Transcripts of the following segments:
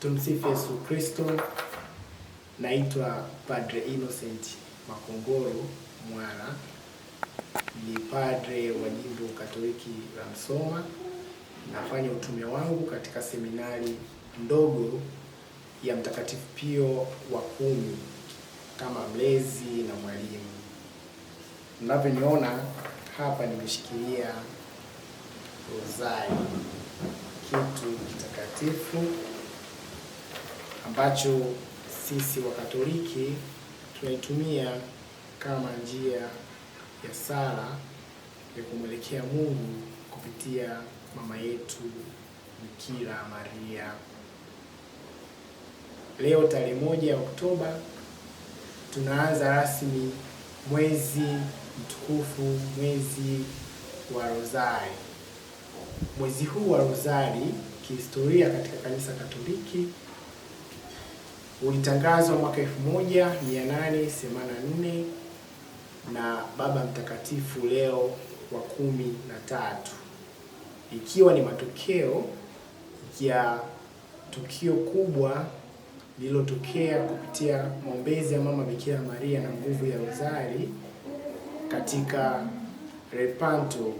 Tumsifu Yesu Kristo. Naitwa Padre Innocent Makongoro Mwara, ni padre wa jimbo Katoliki la Msoma. Nafanya utume wangu katika seminari ndogo ya Mtakatifu Pio wa kumi kama mlezi na mwalimu. Mnavyoniona hapa, nimeshikilia rozari, kitu kitakatifu ambacho sisi Wakatoliki tunaitumia kama njia ya sala ya kumwelekea Mungu kupitia mama yetu Bikira Maria. Leo tarehe moja ya Oktoba tunaanza rasmi mwezi mtukufu, mwezi wa Rozari. Mwezi huu wa Rozari kihistoria katika kanisa Katoliki ulitangazwa mwaka 1884 na Baba Mtakatifu Leo wa kumi na tatu ikiwa ni matokeo ya tukio kubwa lililotokea kupitia maombezi ya Mama Bikira Maria na nguvu ya Rozari katika Lepanto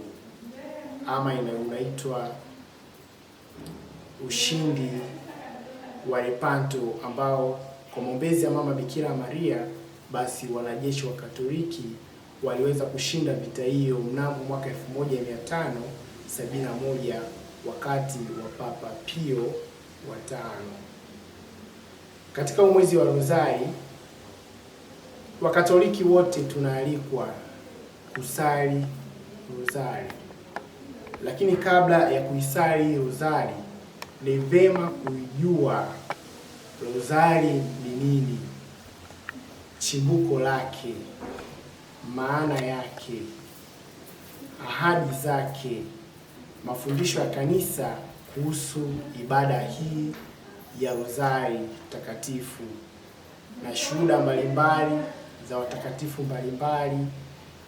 ama inaitwa ushindi wa Lepanto ambao kwa maombezi ya Mama Bikira Maria basi wanajeshi wa Katoliki waliweza kushinda vita hiyo mnamo mwaka 1571 wakati wa Papa Pio wa tano. Katika mwezi wa Rozari Wakatoliki wote tunaalikwa kusali rozari, lakini kabla ya kuisali rozari ni vema kuijua rozari ni nini, chimbuko lake, maana yake, ahadi zake, mafundisho ya kanisa kuhusu ibada hii ya rozari takatifu na shuhuda mbalimbali za watakatifu mbalimbali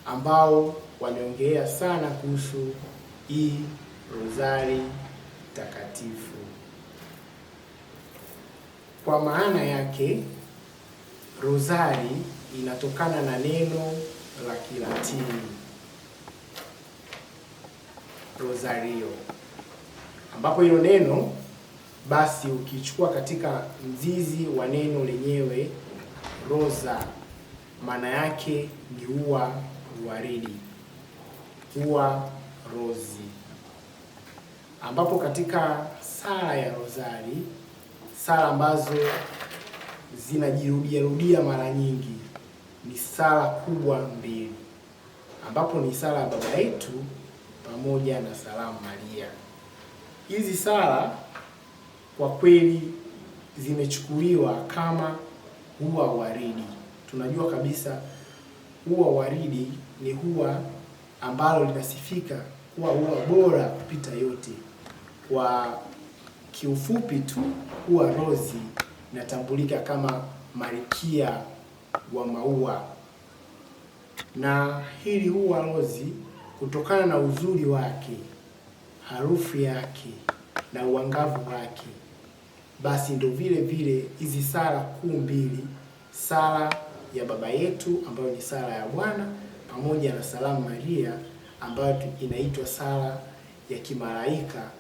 ambao wameongelea sana kuhusu hii rozari takatifu. Kwa maana yake rozari inatokana na neno la Kilatini rosario, ambapo hilo neno basi ukichukua katika mzizi wa neno lenyewe rosa, maana yake ni ua waridi, ua rozi ambapo katika sala ya Rozari, sala ambazo zinajirudia rudia mara nyingi ni sala kubwa mbili, ambapo ni sala ya Baba yetu pamoja na Salamu Maria. Hizi sala kwa kweli zimechukuliwa kama huwa waridi. Tunajua kabisa ua waridi ni ua ambalo linasifika kuwa ua bora kupita yote kwa kiufupi tu huwa rozi inatambulika kama malkia wa maua, na hili huwa rozi kutokana na uzuri wake, harufu yake na uangavu wake, basi ndo vile vile hizi sala kuu mbili, sala ya Baba yetu ambayo ni sala ya Bwana pamoja na salamu Maria ambayo inaitwa sala ya kimalaika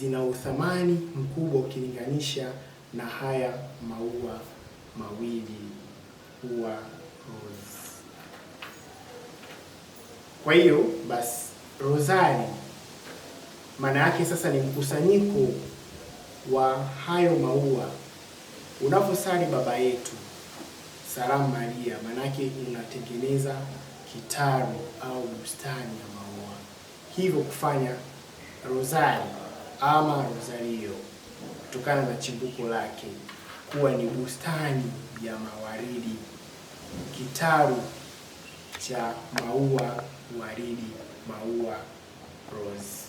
zina uthamani mkubwa ukilinganisha na haya maua mawili ua rose. Kwa hiyo basi rosari maana yake sasa ni mkusanyiko wa hayo maua. Unaposali Baba Yetu, Salamu Maria, maana yake unatengeneza kitaru au bustani ya maua, hivyo kufanya rosari ama Rosario kutokana na chimbuko lake kuwa ni bustani ya mawaridi, kitalu cha maua waridi, maua rose.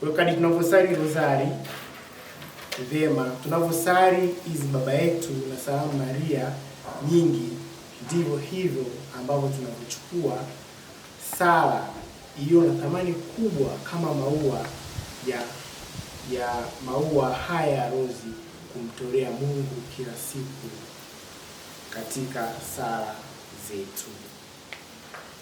Kwa kadi kadri tunavyosali rozari vyema, tunavyosali hizi Baba yetu na Salamu Maria nyingi, ndivyo hivyo ambavyo tunavyochukua sala hiyo na thamani kubwa kama maua ya ya maua haya ya rozi kumtolea Mungu kila siku katika sala zetu.